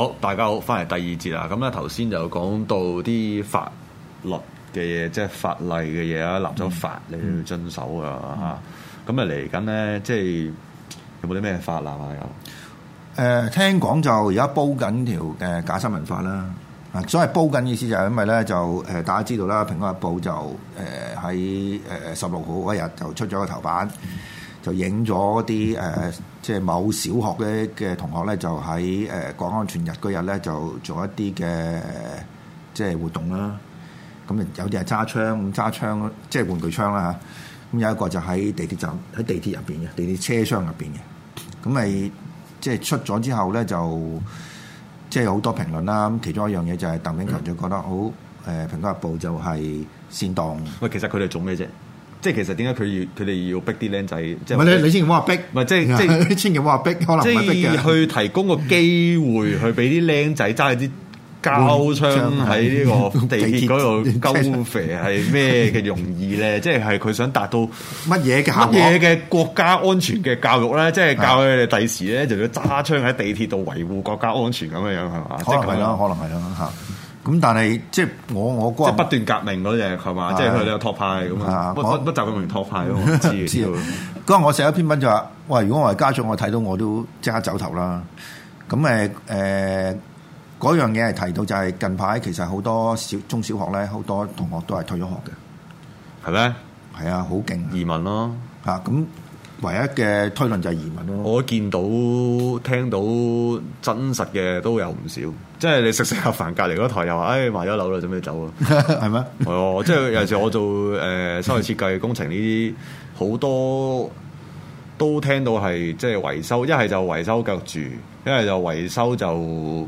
好，大家好，翻嚟第二節、嗯嗯、啊！咁咧，頭先就講到啲法律嘅嘢，即係法例嘅嘢啊，立咗法，你要遵守啊！吓，咁啊嚟緊咧，即係有冇啲咩法例啊？有誒，聽講就而家煲緊條誒假新聞法啦，啊，所謂煲緊意思就係因為咧就誒，大家知道啦，《蘋果日報》就誒喺誒十六號嗰日那天就出咗個頭版。就影咗啲誒，即係某小學咧嘅同學咧，就喺誒國安全日嗰日咧，就做一啲嘅即係活動啦。咁有啲係揸槍，咁揸槍，揸槍即係玩具槍啦嚇。咁有一個就喺地鐵站，喺地鐵入邊嘅地鐵車廂入邊嘅。咁咪即係出咗之後咧，就即係好多評論啦。咁其中一樣嘢就係鄧炳強就覺得好誒，呃《蘋果日報》就係煽動。喂，其實佢哋做咩啫？即係其實點解佢要佢哋要逼啲僆仔？唔係是你千祈唔好話逼，唔係即係即係千祈唔好話逼，可能唔係逼嘅，即係去提供個機會去俾啲僆仔揸啲膠槍喺呢個地鐵嗰度鳩啡係咩嘅容易咧？即係係佢想達到乜嘢嘅乜嘢嘅國家安全嘅教育咧？即係 教佢哋第時咧就要揸槍喺地鐵度維護國家安全咁樣樣係嘛？可能係啦，可能係啦嚇。咁但係即係我我哥即係不斷革命嗰隻係嘛，即係佢有托派咁啊，的的不我不我不習慣明托派咯，知唔知道？嗰日 我寫咗一篇文就話，喂，如果我係家長，我睇到我都即刻走頭啦。咁誒誒，呃、樣嘢係提到就係、是、近排其實好多小中小學咧，好多同學都係退咗學嘅，係咪嗎？係啊，好勁移民咯吓咁。啊唯一嘅推論就係移民咯。我見到聽到真實嘅都有唔少，即係你食食下飯隔離嗰台又話，唉、哎，買咗樓啦，準備走啦，係咩 嗎？係喎、哦，即係有時我做誒室內設計工程呢啲好多。都聽到係即係維修，一係就維修夾住，一係就維修就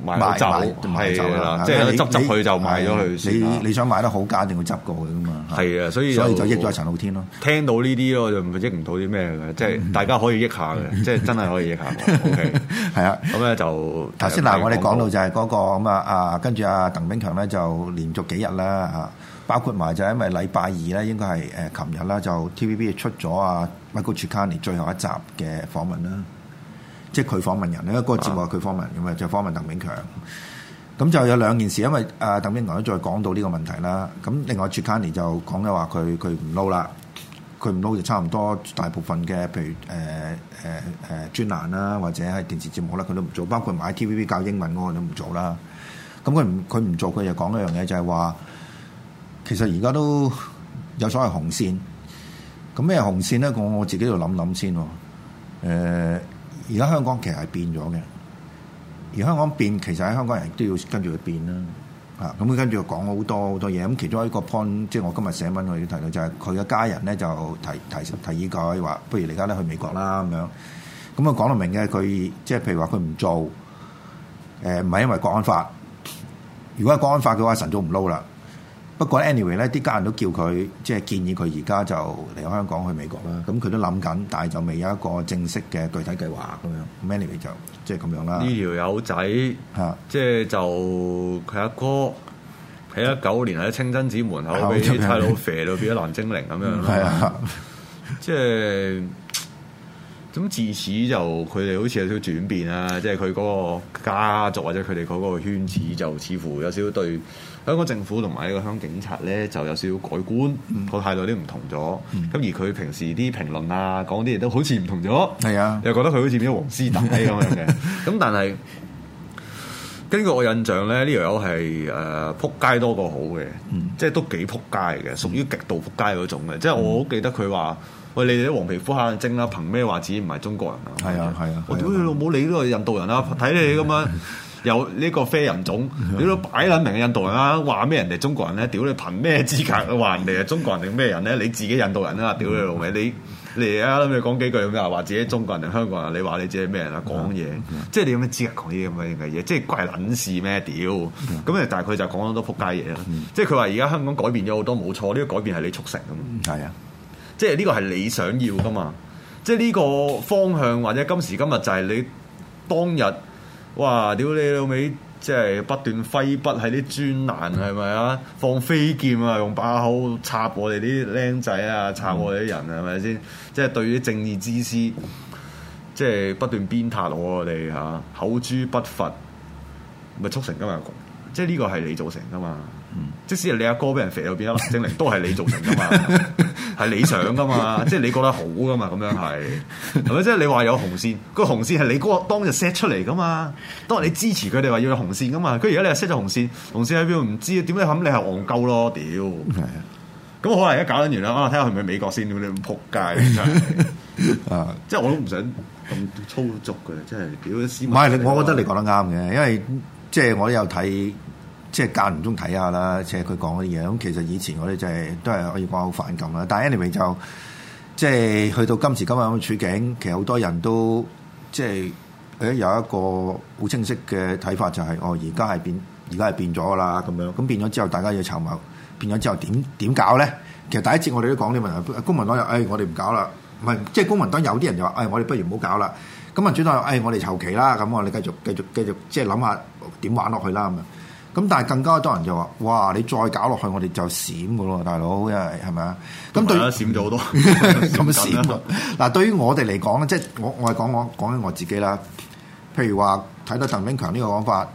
賣走，係啦，即係執執佢就賣咗佢。你你想買得好價，一定要執過佢噶嘛。係啊，所以所以就益咗陳浩天咯。聽到呢啲咯，就唔係益唔到啲咩嘅，即係大家可以益下嘅，即係真係可以益下。OK，係啊，咁咧就頭先嗱，我哋講到就係嗰個咁啊啊，跟住啊鄧炳強咧就連續幾日啦啊，包括埋就係因為禮拜二咧，應該係誒琴日啦，就 T V B 出咗啊 Michael Chugani 最後一集嘅訪問啦，即係佢訪問人咧，個節目係佢訪問人，咁啊就係、訪問鄧炳強。咁就有兩件事，因為啊鄧炳強都再講到呢個問題啦。咁另外 Chugani 就講嘅話，佢佢唔撈啦，佢唔撈就差唔多大部分嘅，譬如誒誒誒專欄啦，或者係電視節目啦，佢都唔做。包括埋 T V B 教英文個，佢都唔做啦。咁佢唔佢唔做，佢就講一樣嘢，就係話。其實而家都有所謂紅線，咁咩紅線咧？我我自己就諗諗先咯。誒，而家香港其實係變咗嘅，而香港變，其實喺香港人都要跟住佢變啦。啊，咁跟住講好多好多嘢。咁其中一個 point，即係我今日寫文我要提到就係佢嘅家人咧就提提提議佢話，不如你而家咧去美國啦咁樣。咁啊講到明嘅，佢即係譬如話佢唔做，誒唔係因為國安法。如果係國安法嘅話，晨早唔撈啦。不過，anyway 咧，啲家人都叫佢即係建議佢而家就離開香港去美國啦。咁佢都諗緊，但係就未有一個正式嘅具體計劃咁、就是、樣。Anyway、啊、就即係咁樣啦。呢條友仔嚇，即係就佢阿哥喺一九年喺清真寺門口俾差佬肥到變咗藍精靈咁樣啦。嗯、啊，即係咁自此就佢哋好似有少少轉變啦。即係佢嗰個家族或者佢哋佢嗰個圈子就似乎有少少對，香港政府同埋呢個香港警察咧，就有少少改觀，個、嗯、態度啲唔同咗。咁、嗯、而佢平時啲評論啊，講啲嘢都好似唔同咗。係是啊，又覺得佢好似變咗黃絲頭嗰啲咁樣嘅。咁 但係根據我印象咧，呢條友係誒撲街多過好嘅，嗯、即係都幾撲街嘅，屬於極度撲街嗰種嘅。嗯、即係我好記得佢話：喂，你哋啲黃皮膚下精啦，憑咩話自己唔係中國人啊？啊，係啊，啊我屌你老母，你都係印度人啊，睇你咁樣。有呢個非人種，你都擺撚明嘅印度人啦，話咩人哋中國人咧？屌你憑咩資格話人哋係中國人定咩人咧？你自己印度人啦，屌你老味，你你啊！諗住講幾句咁啊？話自己中國人定香港人？你話你自己咩人啊？講嘢、嗯嗯，即係你有咩資格講呢啲咁嘅嘢？即係怪撚事咩？屌！咁你大概就講咗好多撲街嘢啦。即係佢話而家香港改變咗好多，冇錯，呢、呢個改變係你促成啊嘛。啊、嗯，即係呢個係你想要噶嘛？即係呢個方向或者今時今日就係你當日。哇！屌你老味，即係不斷揮筆喺啲專欄係咪啊？放飛劍啊，用把口插我哋啲僆仔啊，插我哋啲人係咪先？即係、嗯、對於正義之師，即係不斷鞭撻我哋嚇，口誅筆伐，咪促成今日㗎嘛？即係呢個係你造成㗎嘛？即使係你阿哥俾人肥咗變咗藍精靈，都係你造成噶嘛，係 你想噶嘛，即係 你覺得好噶嘛，咁樣係係咪？即係 你話有紅線，個紅線係你哥當日 set 出嚟噶嘛，當日你支持佢哋話要有紅線噶嘛，佢而家你 set 咗紅線，紅線喺邊？唔知 啊，點解咁你係戇鳩咯？屌，咁可能而家搞緊完啦，我睇下係咪美國先咁你咁撲街啊！ 即係我都唔想咁粗俗嘅，即係唔係，不你我覺得你講得啱嘅，因為即係、就是、我有睇。即係間唔中睇下啦，即係佢講嗰啲嘢。咁其實以前我哋就係都係可以講好反感啦。但係 anyway 就即係去到今時今日咁嘅處境，其實好多人都即係誒、哎、有一個好清晰嘅睇法、就是，就係哦，而家係變而家係變咗噶啦咁樣。咁變咗之後，大家要籌謀變咗之後點點搞咧？其實第一節我哋都講啲問題，公民黨又誒、哎，我哋唔搞啦，唔係即係公民黨有啲人就話誒、哎，我哋不如唔好搞啦。咁啊，轉到誒，我哋籌期啦，咁我哋繼續繼續繼續即係諗下點玩落去啦咁啊。咁但係更加多人就話，哇！你再搞落去，我哋就閃噶咯，大佬，因為係咪啊？咁對閃咗好多咁閃啊！嗱、就是，對於我哋嚟講咧，即係我我係講我講緊我自己啦。譬如話睇到鄧炳強呢個講法，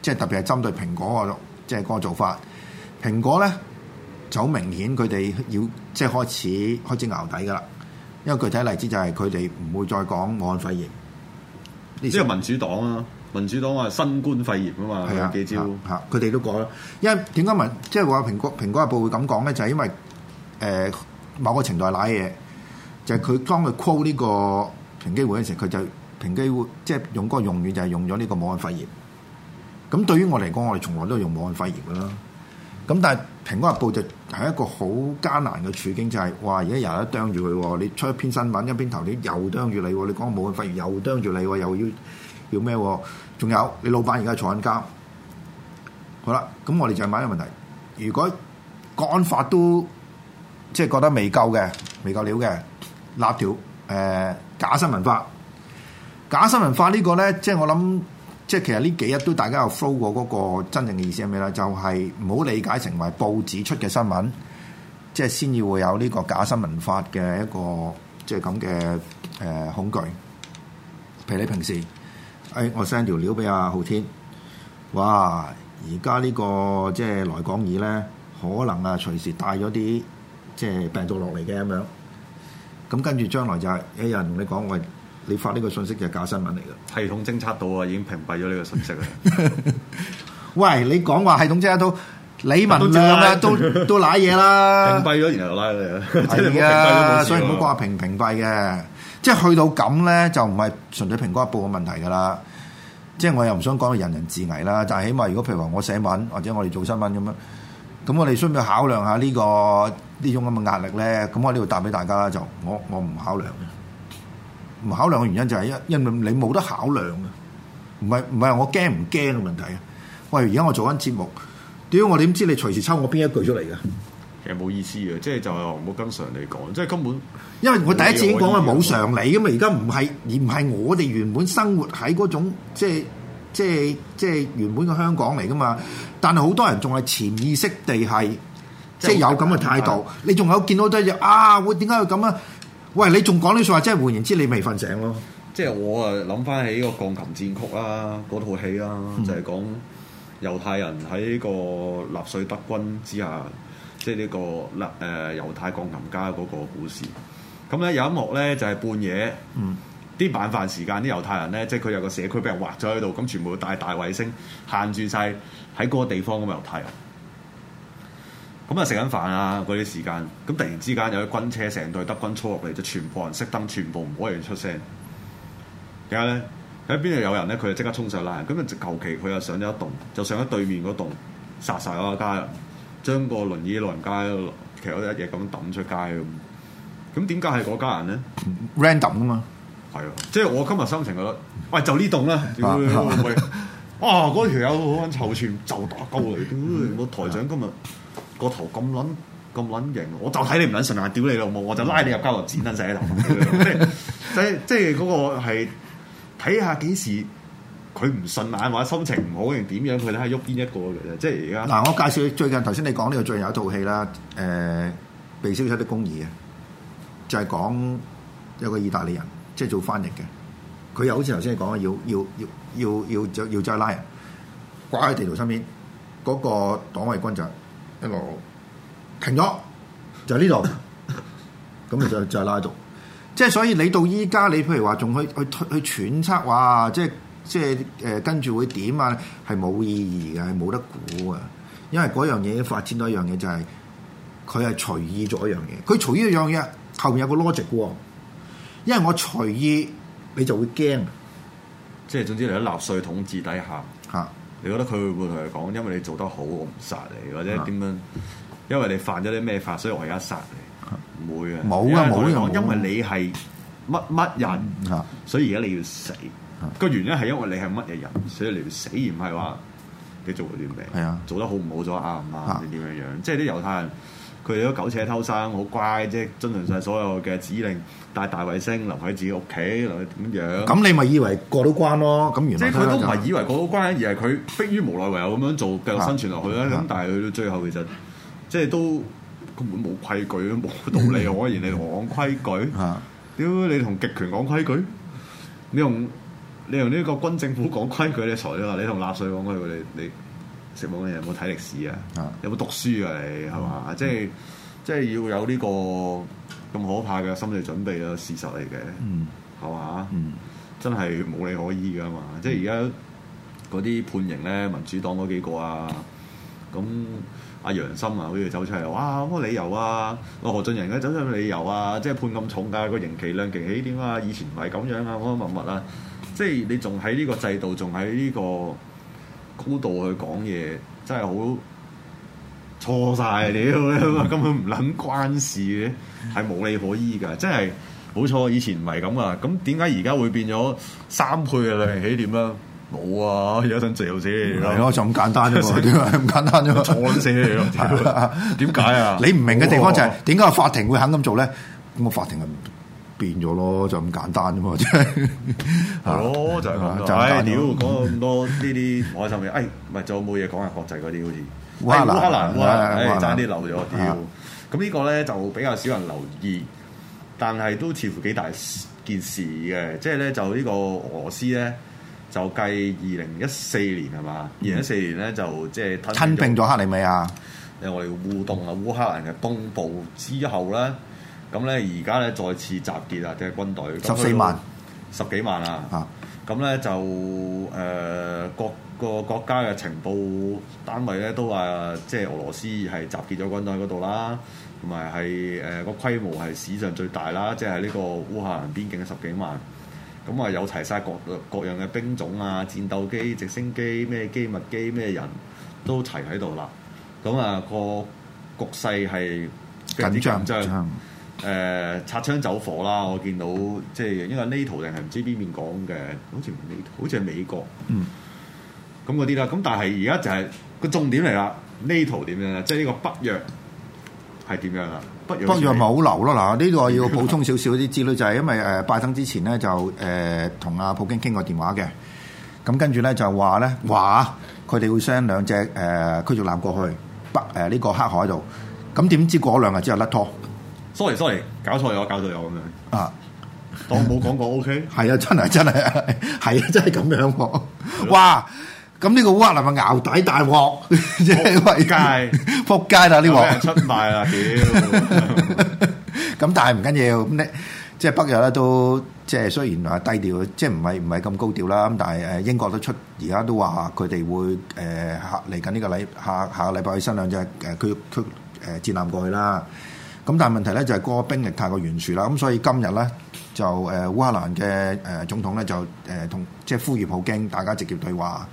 即係特別係針對蘋果即係嗰個做法。蘋果咧就好明顯，佢哋要即係開始開始淆底噶啦。因為具體例子就係佢哋唔會再講武漢肺炎，即係民主黨啊。民主黨話新冠肺炎啊嘛，啊，幾招？嚇佢哋都講，因為點解民即係話蘋果蘋果日報會咁講咧？就係、是、因為誒、呃、某個程度瀨嘢，就係、是、佢當佢 call 呢個平機會嘅時候，佢就平機會即係用嗰個用語就係用咗呢個武漢肺炎。咁對於我嚟講，我哋從來都係用武漢肺炎啦。咁但係蘋果日報就係一個好艱難嘅處境，就係、是、哇！而家又一釘住佢，你出一篇新聞一篇頭，你又釘住你，你講武漢肺炎又釘住你，又要。又要叫咩？仲有你老闆而家坐緊監。好啦，咁我哋就問一個問題：如果國安法都即係覺得未夠嘅、未夠料嘅，立條誒假新聞法。假新聞法呢個咧，即係我諗，即係其實呢幾日都大家有 follow 過嗰個真正嘅意思係咩啦？就係唔好理解成為報紙出嘅新聞，即係先至會有呢個假新聞法嘅一個即係咁嘅誒恐懼。譬如你平時。哎，我 send 條料俾阿浩天，哇！而家、這個、呢個即係來港爾咧，可能啊隨時帶咗啲即係病毒落嚟嘅咁樣。咁跟住將來就係、是，有、欸、人同你講，喂，你發呢個信息就係假新聞嚟嘅。系統偵測到啊，已經屏蔽咗呢個信息 喂，你講話系統偵測到，李文就都都瀨嘢啦。屏蔽咗，然後拉你啊。平了了所以唔好話屏屏蔽嘅。即係去到咁咧，就唔係純粹蘋果日報嘅問題噶啦。即係我又唔想講到人人自危啦，但係起碼如果譬如話我寫文或者我哋做新聞咁樣，咁我哋需唔需要考量下呢、呢個呢種咁嘅壓力咧？咁我呢度答俾大家就，我我唔考量。唔考量嘅原因就係、係、因因為你冇得考量嘅，唔係唔係我驚唔驚嘅問題啊！喂，而家我做緊節目，屌我點知你隨時抽我邊一句出嚟噶？誒冇意思嘅，即係就係、是、冇跟常理嚟講，即、就、係、是、根本，因為我第一次已經講話冇常理咁啊！而家唔係，而唔係我哋原本生活喺嗰種，即係即係即係原本嘅香港嚟噶嘛？但係好多人仲係潛意識地係，即係有咁嘅態度。你仲有見到啲嘢啊？我點解要咁啊？喂，你仲講呢句話，即係換言之，你未瞓醒咯、嗯？即係我啊諗翻起個鋼琴戰曲啦、啊，嗰套戲啦、啊，就係、是、講猶太人喺個納粹德軍之下。即係、這、呢個啦，誒、呃、猶太鋼琴家嗰個故事。咁咧有一幕咧就係、是、半夜，啲、嗯、晚飯時間，啲猶太人咧，即係佢有個社區俾人畫咗喺度，咁全部帶大，大衛星限住晒喺嗰個地方嘅猶太人。咁啊食緊飯啊嗰啲時間，咁突然之間有啲軍車成隊德軍衝入嚟，就全部人熄燈，全部唔可以出聲。點解咧？喺邊度有人咧？佢就即刻衝上嚟，咁啊求其佢又上咗一棟，就上咗對面嗰棟殺曬嗰個家人。將個輪椅老人家騎到一嘢咁抌出街咁，咁點解係嗰家人咧？Random 啊嘛，係啊，即、就、係、是、我今日心情覺得，喂、哎、就呢棟啦，喂啊嗰條友好撚臭串，就打鳩你，我、嗯、台長今日 個頭咁撚咁撚型，我就睇你唔撚順眼屌你老母，我就拉你入交流展甩曬頭，頭 即係 即係嗰個係睇下幾時。佢唔順眼或者心情唔好，定點樣佢咧喺喐邊一個嘅啫？即係而家嗱，我介紹你最近頭先你講呢個最近有一套戲啦，誒、呃《被消失的公義》啊，就係、是、講一個意大利人，即、就、係、是、做翻譯嘅，佢又好似頭先你講嘅，要要要要要再要再拉掛喺地圖身邊嗰、那個黨衞軍閥一路停咗就呢、是、度，咁咪 就就係拉到，即係 所以你到依家你譬如話仲去去去揣測，哇！即係。即係誒跟住會點啊？係冇意義嘅，係冇得估啊！因為嗰樣嘢發展到一樣嘢就係佢係隨意做一樣嘢。佢隨意一樣嘢，後面有個 logic 因為我隨意，你就會驚。即係總之你到納稅統治底下，嚇、啊、你覺得佢會唔會同講？因為你做得好，我唔殺你，或者點樣？啊、因為你犯咗啲咩法，所以我而家殺你。唔會啊！冇啊！冇一樣，因為你係乜乜人，啊、所以而家你要死。個 原因係因為你係乜嘢人，所以你到死而唔係話你做嗰啲咩，啊、做得好唔好咗啱唔啱，你點樣樣？是啊、即係啲猶太人，佢哋都苟且偷生，好乖即係，遵循晒所有嘅指令，戴大衞星留在家，留喺自己屋企，留喺點樣？咁你咪以為過到關咯？咁即係佢都唔係以為過到關，而係佢逼於無奈唯有咁樣做，繼續生存落去咧。咁、啊啊、但係去到最後其實即係都根本冇規矩，冇道理 可言，你同我講規矩，屌、啊、你同極權講規矩，你用？你同呢個軍政府講規矩的，你才你話你同納稅講佢你你食冇嘢，有冇睇歷史啊？有冇讀書啊？你係嘛？即係即係要有呢個咁可怕嘅心理準備啦。就是、事實嚟嘅，係、嗯、嘛？真係冇理可依噶嘛？即係而家嗰啲判刑咧，民主黨嗰幾個啊，咁阿楊森啊，好似走出嚟哇，乜、那個、理由啊？阿何俊仁咧、啊，走出嚟理由啊，即、就、係、是、判咁重㗎、啊、個刑期量刑起點啊，以前唔係咁樣啊，乜乜乜啊？即係你仲喺呢個制度，仲喺呢個高度去講嘢，真係好錯晒。你 根本唔諗關事嘅，係無理可依噶。真係冇錯，以前唔係咁噶。咁點解而家會變咗三倍嘅利起點啊？冇啊，而家想做死你咯。就咁簡單啫嘛，點解咁簡單啫嘛？錯咗 死你！點解啊？你唔明嘅地方就係點解法庭會肯咁做咧？咁個法庭啊！變咗咯，就咁簡單啫嘛，即係，哦，就係、是、咁、啊，就係屌，講咁多呢啲唔開心嘅，哎，唔係仲有冇嘢講下國際嗰啲好似烏克蘭，烏克蘭，哎，爭啲漏咗屌，咁呢個咧就比較少人留意，但係都似乎幾大件事嘅，即係咧就是、呢就個俄羅斯咧就計二零一四年係嘛？二零一四年咧就即係吞併咗克里米亞，因為我哋烏東啊烏克蘭嘅東部之後咧。咁咧，而家咧再次集結啊，嘅軍隊十四萬，那十幾萬啊。咁咧就誒、呃、各個國家嘅情報單位咧都話，即、就、係、是、俄羅斯係集結咗軍隊嗰度啦，同埋係誒個規模係史上最大啦，即係呢個烏克蘭邊境嘅十幾萬。咁啊，有齊晒各各樣嘅兵種啊，戰鬥機、直升機、咩機密機，咩人都齊喺度啦。咁啊，個局勢係緊張。緊張緊張誒擦槍走火啦！我見到即係因為呢圖定係唔知邊邊講嘅，好似唔係呢圖，好似係美國。嗯。咁嗰啲啦，咁但係而家就係、是、個重點嚟啦。怎呢圖點樣咧？即係呢個北約係點樣啊？北約北約咪好流咯嗱？呢度我要補充少少啲資料， 就係因為誒拜登之前咧就誒同阿普京傾過電話嘅。咁跟住咧就話咧話佢哋會 send 兩隻誒、呃、驅逐艦過去北誒呢、呃呢個黑海度。咁點知過兩日之後甩拖？sorry sorry，搞錯咗，搞到有咁樣啊，當冇講過 OK，係啊，真係真係，係啊，真係咁樣喎，哇！咁呢個烏克蘭係牛底大鑊，即係撲街撲街啦！呢鑊 出賣啦，屌！咁但係唔緊要咁，你即係北約咧都即係雖然話低調，即係唔係唔係咁高調啦。咁但係誒英國都出，而家都話佢哋會誒嚟緊呢個禮下下個禮拜去新兩隻誒佢佢誒戰艦過去啦。咁但係問題咧就係個兵力太過懸殊啦，咁所以今日咧就誒烏克蘭嘅總統咧就同即係呼籲普京大家直接對話。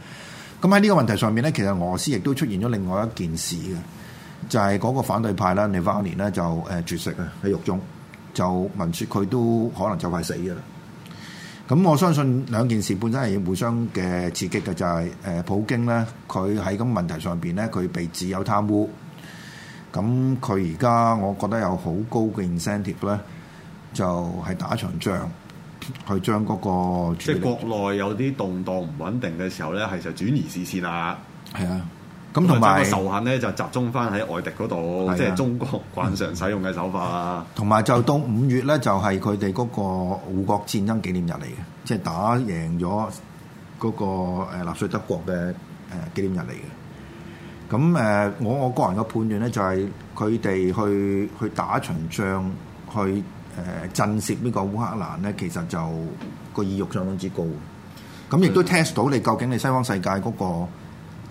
咁喺呢個問題上面咧，其實俄羅斯亦都出現咗另外一件事嘅，就係嗰個反對派啦，尼瓦連呢，就絕食啊，喺獄中就聞説佢都可能就快死㗎啦。咁我相信兩件事本身係互相嘅刺激嘅，就係普京咧，佢喺咁問題上面咧，佢被指有貪污。咁佢而家我覺得有好高嘅 incentive 咧，就係、是、打一場仗，去將嗰個力即係國內有啲動盪唔穩定嘅時候咧，係就轉移視線啦。係啊，咁同埋仇恨咧就集中翻喺外敵嗰度，即係、啊、中國慣常使用嘅手法啊。同埋、嗯、就到五月咧，就係佢哋嗰個護國戰爭紀念日嚟嘅，即、就、係、是、打贏咗嗰、那個誒、呃、納粹德國嘅誒、呃、紀念日嚟嘅。咁我、呃、我個人嘅判斷咧，就係佢哋去去打場仗，去誒、呃、震懾呢個烏克蘭咧，其實就個意欲相當之高。咁亦都 test 到你究竟你西方世界嗰個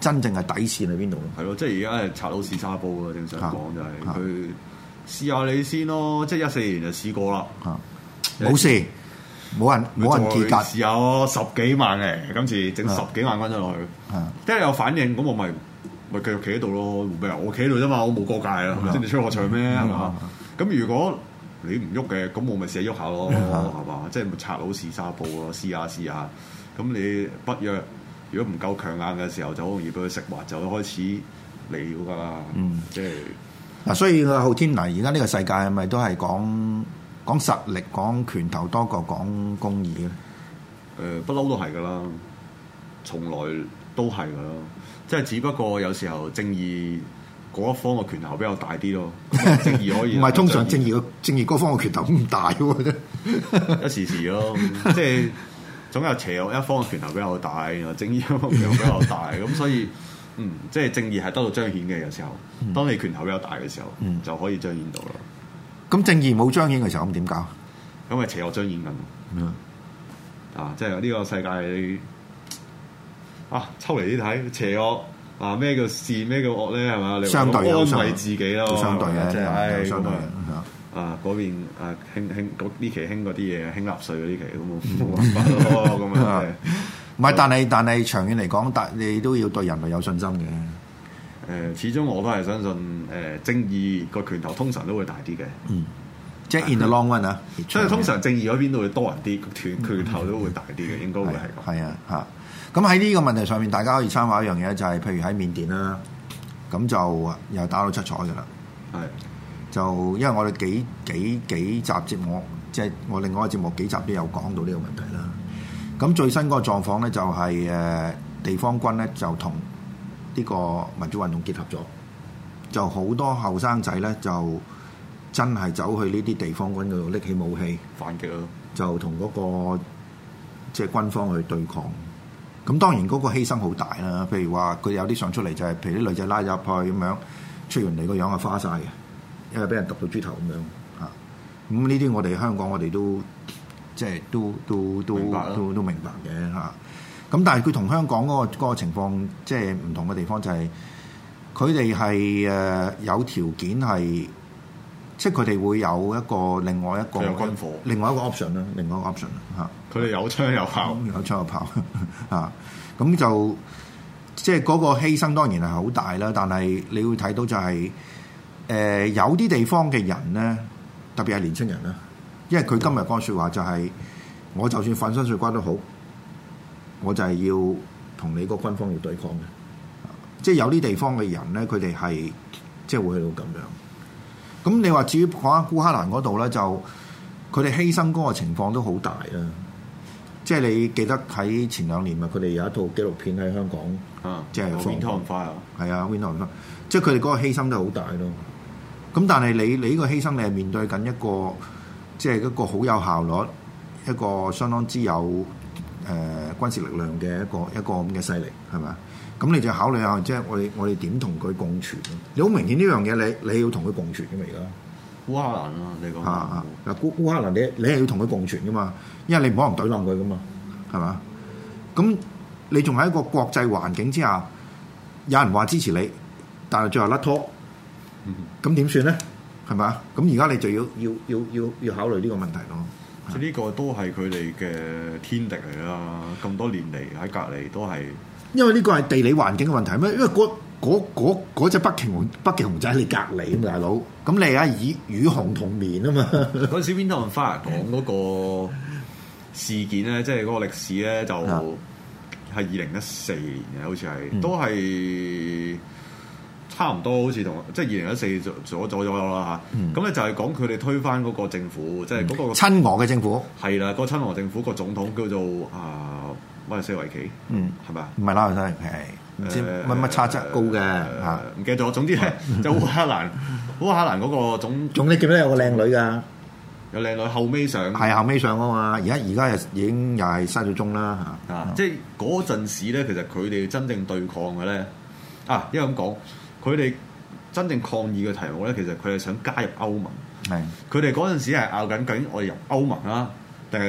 真正嘅底線喺邊度？係咯，即係而家係插到試沙煲啊！正常講就係、係、佢試下你先咯。即係一四年就試過啦。冇的、就係、事，冇人冇人結試下十幾萬嘅今次整十幾萬蚊咗落去，即係有反應，咁我咪。咪繼續企喺度咯，做咩啊？我企喺度啫嘛，我冇過界啦，係咪先？你出我場咩？咁如果你唔喐嘅，咁我咪寫喐下咯，係嘛、啊？即係、啊就是、拆佬試沙布咯，試下試下。咁你不若如果唔夠強硬嘅時候，就好容易俾佢食滑，就開始離了噶啦。嗯，即係嗱，所以浩天嗱而家呢個世界係咪都係講講實力、講拳頭多過講公義咧？誒、呃，不嬲都係噶啦，從來。都係咯，即係只不過有時候正義嗰一方嘅拳頭比較大啲咯。正義可以唔係 通常正義嘅正義嗰方嘅拳頭咁大喎、啊， 一時時咯，即係總有邪惡一方嘅拳頭比較大，正義一方嘅拳頭比較大，咁 所以嗯，即係正義係得到彰顯嘅，有時候當你拳頭比較大嘅時候，嗯、就可以彰顯到咯。咁正義冇彰顯嘅時候，咁點搞？咁咪邪惡彰顯緊、嗯、啊，即係呢個世界。啊！抽嚟啲睇，邪惡啊！咩叫善，咩叫惡咧？係嘛，嚟安慰自己咯。相對嘅，即係相對啊！嗰邊啊，興興嗰呢期興嗰啲嘢，興納稅嗰呢期咁，冇辦法咯。咁啊，唔係，但係但係長遠嚟講，但你都要對人類有信心嘅。誒，始終我都係相信，誒，正義個拳頭通常都會大啲嘅。嗯，即係 in the long run 啊，所以通常正義嗰邊都會多人啲，拳頭都會大啲嘅，應該會係。係啊，吓。咁喺呢個問題上面，大家可以參考一樣嘢，就係譬如喺緬甸啦，咁就又打到七彩㗎喇。係，就因為我哋幾幾幾集節目，即係我另外一個節目幾集都有講到呢個問題啦。咁最新嗰個狀況咧，就係誒地方軍咧，就同呢個民主運動結合咗，就好多後生仔咧，就真係走去呢啲地方軍嗰度拎起武器反擊咯，就同嗰個即係軍方去對抗。咁當然嗰個犧牲好大啦，譬如話佢有啲相出嚟就係、是，譬如啲女仔拉入去咁樣，出完嚟個樣係花晒嘅，因為俾人揼到豬頭咁樣嚇。咁呢啲我哋香港我哋都即係都都都都都明白嘅嚇。咁但係佢同香港嗰個嗰個情況即係唔同嘅地方就係、是，佢哋係誒有條件係。即係佢哋會有一個另外一個軍火，另外一個 option 啦，佢哋另外一個 option 啦。佢哋有槍有炮，有槍有炮嚇。咁 就即係嗰個犧牲當然係好大啦，但係你會睇到就係、是、誒、呃、有啲地方嘅人咧，特別係年輕人啦，因為佢今日講説話就係、是嗯、我就算粉身碎骨都好，我就係要同你個軍方要對抗嘅。即係有啲地方嘅人咧，佢哋係即係會去到咁樣。咁你話至於講阿烏克蘭嗰度呢，就佢哋犧牲嗰個情況都好大啊！即係你記得喺前兩年啊，佢哋有一套紀錄片喺香港，啊、即係 Winter on Fire 啊，i n d 即係佢哋嗰個犧牲都好大咯。咁、嗯、但係你呢個犧牲，你係面對緊一個即係、就是、一個好有效率、一個相當之有誒、呃、軍事力量嘅一個一個咁嘅勢力，係咪？咁你就考慮下，即係我哋我哋點同佢共存。你好明顯呢樣嘢，你你要同佢共存噶嘛，而家？烏克蘭啊，你講下嗱，烏烏克蘭你，你你係要同佢共存噶嘛？因為你唔可能對抗佢噶嘛，係嘛？咁你仲喺一個國際環境之下，有人話支持你，但係最後甩拖，咁點算咧？係咪？咁而家你就要要要要要考慮呢個問題咯。呢個都係佢哋嘅天敵嚟啦，咁多年嚟喺隔籬都係。因為呢個係地理環境嘅問題因為嗰嗰隻北極熊北極熊仔喺你隔籬啊嘛，大佬，咁你啊以以熊同眠啊嘛那小，嗰陣時《Winter on Fire》講嗰個事件咧，即係嗰個歷史咧、嗯，就係二零一四年嘅，好似係都係差唔多，好似同即係二零一四左左左右啦吓。咁咧、嗯、就係講佢哋推翻嗰個政府，即係嗰個親俄嘅政府係啦，個親俄政府個總統叫做啊。呃乜四圍棋？嗯，係嘛吧？唔係拉球賽，唔知乜乜、呃、差質高嘅嚇，唔記得咗。總之咧，就烏克蘭，烏克 蘭嗰個總理 總叫咩？有個靚女㗎，有靚女後尾上係後尾上了了啊嘛！而家而家又已經又係嘥咗鐘啦。即嗰陣時咧，其實佢哋真正對抗嘅咧啊，因為咁講，佢哋真正抗議嘅題目咧，其實佢係想加入歐盟。佢哋嗰陣時係拗緊，究竟我哋入歐盟啦，定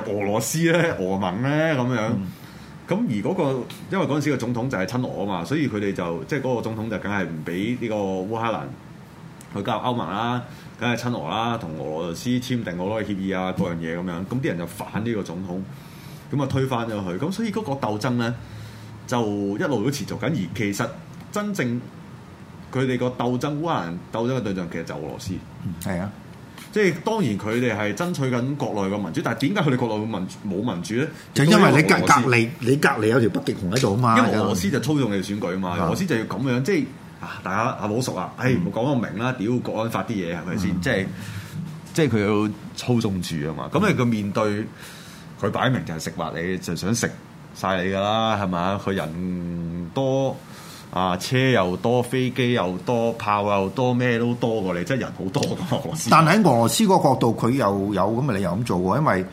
入俄羅斯咧，俄盟咧咁樣，咁、嗯、而嗰、嗰個因為嗰陣時總、就係、嗰個總統就係親俄啊嘛，所以佢哋就即係嗰個總統就梗係唔俾呢個烏克蘭去加入歐盟啦，梗係親俄啦，同俄羅斯簽訂好多協議啊，各樣嘢咁樣，咁啲人就反呢個總統，咁啊推翻咗佢，咁所以嗰個鬥爭咧就一路都持續緊，而其實真正佢哋個鬥爭烏克蘭鬥爭嘅對象其實就係俄羅斯，係啊。即係當然佢哋係爭取緊國內嘅民主，但係點解佢哋國內冇民主咧？就因為你隔隔離，你隔離有條北極熊喺度啊嘛。因為俄羅斯就操縱你嘅選舉啊嘛，的俄羅斯就要咁樣，即係啊，大家阿好熟啊，唉，唔好講咁明啦，屌國安法啲嘢係咪先？即係即係佢要操縱住啊嘛。咁你佢面對佢擺明就係食話，你就想食曬你㗎啦，係咪啊？佢人多。啊！車又多，飛機又多，炮又多，咩都多過你，真係人好多俄羅斯。但係喺俄羅斯個角度，佢又有咁嘅理由咁做喎，因為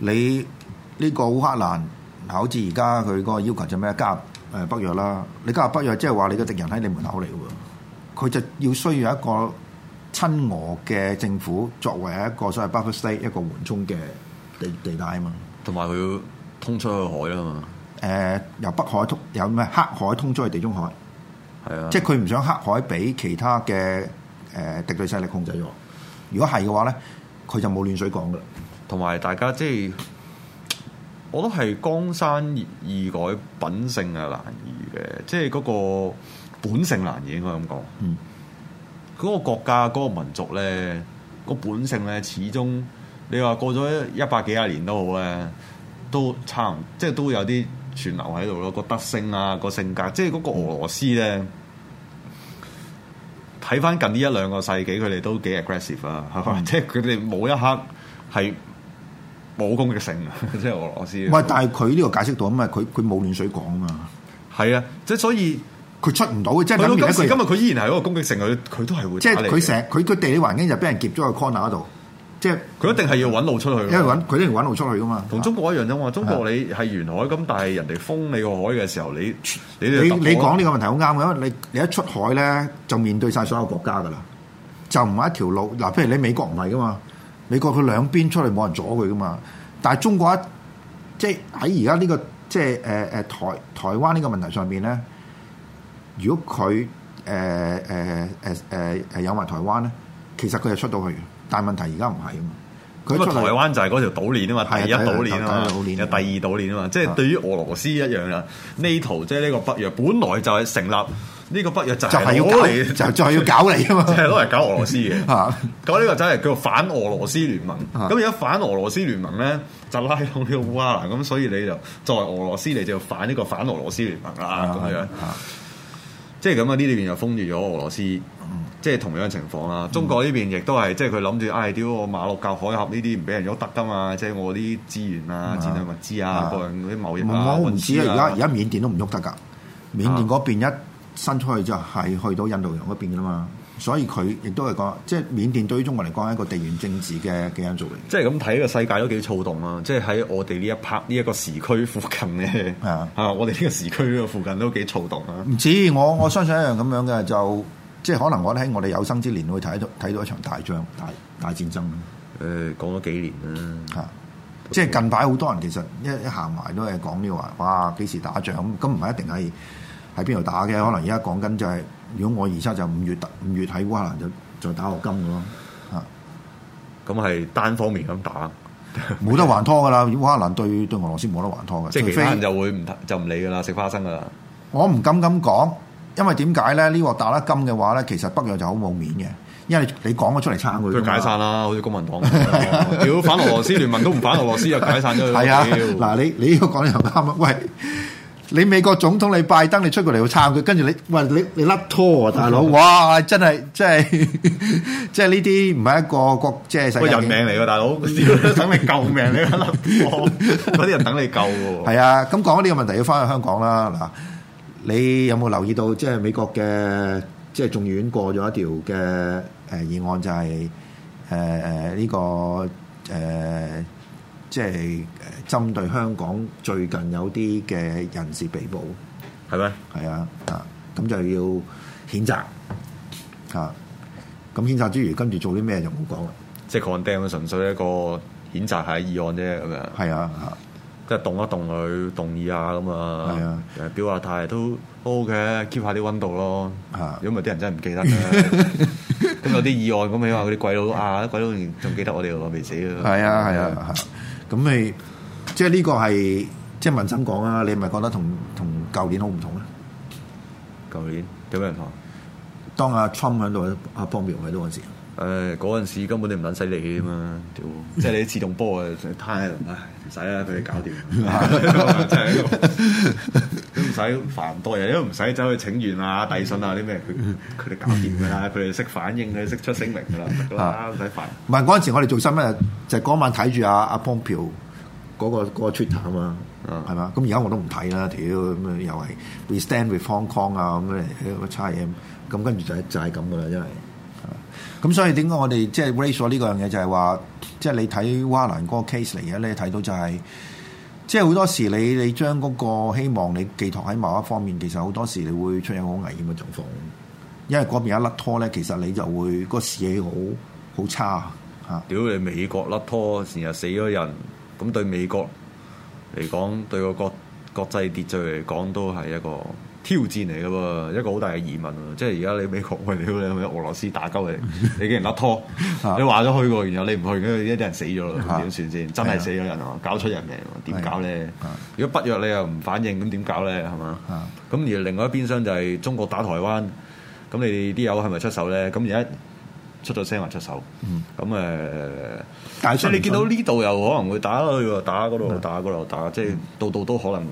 你呢個烏克蘭好似而家佢個要求就咩加入、呃、北約啦！你加入北約，即係話你嘅敵人喺你門口嚟喎，佢就要需要一個親俄嘅政府作為一個所謂 buffer state 一個緩衝嘅地地帶啊嘛。同埋佢要通出去海啊嘛。誒、呃、由北海通有咩黑海通咗去地中海，係啊，即係佢唔想黑海俾其他嘅誒、呃、敵對勢力控制咗。如果係嘅話咧，佢就冇亂水講噶啦。同埋大家即係，我都係江山易改品性啊難移嘅，即係嗰個本性難移應該咁講。嗯，嗰個國家嗰個民族咧，個本性咧，始終你話過咗一百幾廿年都好咧，都差唔，即係都有啲。存留喺度咯，個德性啊，個性格，即係嗰個俄羅斯咧。睇翻近呢一兩個世紀，佢哋都幾 aggressive 啊，嗯、即係佢哋冇一刻係冇攻擊性，啊，即係俄羅斯。喂，但係佢呢個解釋到啊嘛，佢佢冇暖水港啊嘛。係啊，即係所以佢出唔到嘅，即係到今時今日佢人依然係一個攻擊性，佢都係會即係佢成日，佢個地理環境就俾人夾咗去 corner 度。即係佢一定係要揾路出去，因為佢一定揾路出去噶嘛。同中國一樣啫嘛。中國你係沿海咁，不但係人哋封你個海嘅時候，你你你你講呢個問題好啱嘅，因為你你一出海咧就面對曬所有國家噶啦，就唔係一條路嗱。譬如你美國唔係噶嘛，美國佢兩邊出嚟冇人阻佢噶嘛，但係中國一即係喺而家呢個即係誒誒台台灣呢個問題上面咧，如果佢誒誒誒誒有埋台灣咧，其實佢係出到去。但問題而家唔係啊嘛，佢個台灣就係嗰條島鏈啊嘛，第一島鏈啊嘛，有第二島鏈啊嘛，即係對於俄羅斯一樣啦。呢圖即係呢個北約，本來就係成立呢個北約就係攞嚟就就係要搞你啊嘛，就係攞嚟搞俄羅斯嘅。咁呢個就係叫反俄羅斯聯盟。咁而家反俄羅斯聯盟咧就拉到呢個烏克蘭，咁所以你就作為俄羅斯你就反呢個反俄羅斯聯盟啦咁樣。即係咁啊，呢裏邊就封住咗俄羅斯。即係同樣情況啦，中國呢邊亦都係，嗯、即係佢諗住，哎，屌我馬六甲海峽呢啲唔俾人喐得噶嘛，即係我啲資源啊、啊戰略物資啊、各樣嗰啲貿易啊，唔好唔知啊，而家而家緬甸都唔喐得㗎，緬甸嗰邊一伸出去就係去到印度洋嗰邊㗎嘛，所以佢亦都係講，即係緬甸對於中國嚟講係一個地緣政治嘅幾樣做嚟。即係咁睇個世界都幾躁動啊，即係喺我哋呢一拍呢一個時區附近咧，啊、啊，我哋呢個時區嘅附近都幾躁動啊。唔知我我相信一樣咁樣嘅就。即係可能我喺我哋有生之年會睇到睇到一場大仗、大大戰爭咯。誒，講咗幾年啦。嚇！即係近排好多人其實一一行埋都係講呢個話，哇！幾時打仗咁？咁唔係一定係喺邊度打嘅。可能而家講緊就係，如果我而家就五月五月喺烏克蘭就再打落金嘅咯。嚇！咁係單方面咁打，冇 得還拖嘅啦。烏克蘭對對俄羅斯冇得還拖嘅，即係其他人就會唔就唔理嘅啦，食花生嘅啦。我唔敢咁講。因為點解咧？呢個打甩金嘅話咧，其實北約就好冇面嘅，因為你講咗出嚟撐佢，佢解散啦，好似公民黨，如果反俄羅斯聯盟都唔反俄羅斯又解散咗，係啊嗱，你你呢個講得又啱啊？喂，你美國總統你拜登你出過嚟要撐佢，跟住你喂你你甩拖啊大佬，哇真係真係真係呢啲唔係一個國，即係人命嚟噶大佬，等你救命你甩拖，嗰啲人等你救。係啊，咁講呢個問題要翻去香港啦嗱。你有冇留意到，即係美國嘅，即係仲院過咗一條嘅誒議案，就係誒誒呢個誒、呃，即係針對香港最近有啲嘅人士被捕，係咩嗎？係啊，啊，咁就要譴責啊，咁譴責之餘，跟住做啲咩就冇講啦。即係 c o n d 純粹一個譴責喺議案啫，咁樣。係啊。啊即係動一動佢，動意下咁啊，表下態都 OK，keep 下啲溫度咯。如果唔係啲人真係唔記得嘅，咁有啲意外咁，你話嗰啲鬼佬啊，鬼佬仲記得我哋喎，未死啊！係啊係啊，咁咪即係呢個係即係問心講啊，你咪覺得同同舊年好唔同咧？舊年點樣講？當阿 Trump 喺度，阿鮑毓明喺度嗰陣時。誒嗰陣時根本你唔撚使你嘅嘛，即係你自動波啊，攤、哎、啊，唔使啦，俾你搞掂，都唔使煩多嘢，因為唔使走去請願啊、遞信啊啲咩，佢哋搞掂嘅啦，佢哋識反應嘅，識出聲明嘅啦，唔使、啊、煩。唔係嗰陣時我哋做新聞就嗰、是、晚睇住阿阿蓬佩奧嗰個、那個、Twitter 啊嘛，係嘛、嗯？咁而家我都唔睇啦，屌咁又係 We stand with Hong Kong 啊咁樣，樣，差嘢咁跟住就就係咁嘅啦，因為。咁所以點解我哋即係 raise 咗呢個樣嘢？就係話，即係你睇華蘭嗰個 case 嚟嘅咧，睇到就係，即係好多時你你將嗰個希望你寄託喺某一方面，其實好多時你會出現好危險嘅狀況。因為嗰邊一甩拖咧，其實你就會個士氣好好差嚇。屌你美國甩拖，成日死咗人，咁對美國嚟講，對個國國際秩序嚟講，都係一個。挑戰嚟㗎喎，一個好大嘅疑問喎，即係而家你美國喂屌你，同俄羅斯打鳩你，你竟然甩拖，你話咗去喎，然後你唔去，而家一啲人死咗咯，點算先？真係死咗人喎，搞出人命喎，點搞咧？如果北約你又唔反應，咁點搞咧？係嘛？咁而另外一邊廂就係中國打台灣，咁你啲友係咪出手咧？咁而家出咗聲話出手，咁誒，所以你見到呢度又可能會打去喎，打嗰度，打嗰度，打，即係到度都可能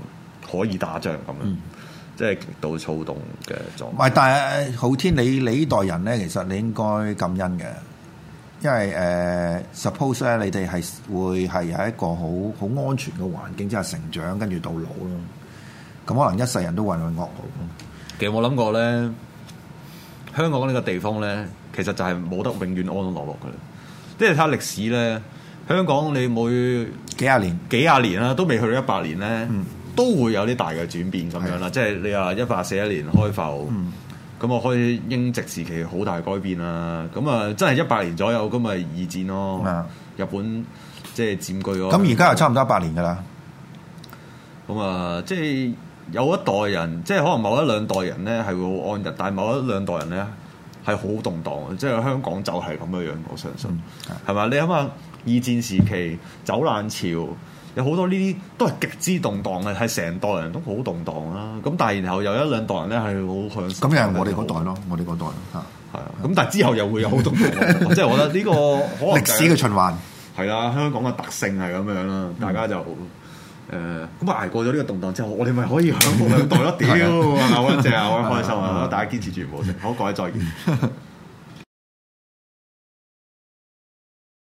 可以打仗咁樣。即係極度躁動嘅狀態。唔係，但係浩天，你你呢代人咧，其實你應該感恩嘅，因為誒、呃，suppose 咧，你哋係會係喺一個好好安全嘅環境之下成長，跟住到老咯。咁可能一世人都混混噩噩咯。其實我諗過咧，香港呢個地方咧，其實就係冇得永遠安安樂樂嘅啦。即係睇下歷史咧，香港你每幾廿年、幾廿年啦、啊，都未去到一百年咧。嗯都會有啲大嘅轉變咁樣啦，即係你話一八四一年開埠，咁我開英殖時期好大改變啦，咁啊真係一百年左右咁咪、就是、二戰咯，是的啊、日本即係、就是、佔據咯。咁而家又差唔多一百年噶啦，咁啊即係有一代人，即、就、係、是、可能某一兩代人咧係會好安逸，但係某一兩代人咧係好動盪即係、就是、香港就係咁樣樣，我相信係嘛是的？你諗下二戰時期走難潮。有好多呢啲都係極之動盪嘅，係成代人都好動盪啦。咁但係然後有一兩代人咧係好享受。咁又係我哋嗰代咯，我哋嗰代嚇係啊。咁但係之後又會有好多動盪，即係 我覺得呢個可能、就係、歷史嘅循環係啦，香港嘅特性係咁樣啦。嗯、大家就好。咁、呃、啊，捱過咗呢個動盪之後，我哋咪可以享福兩代咯。屌，好正啊，好開心啊！ 大家堅持住唔好食，好，各位再見。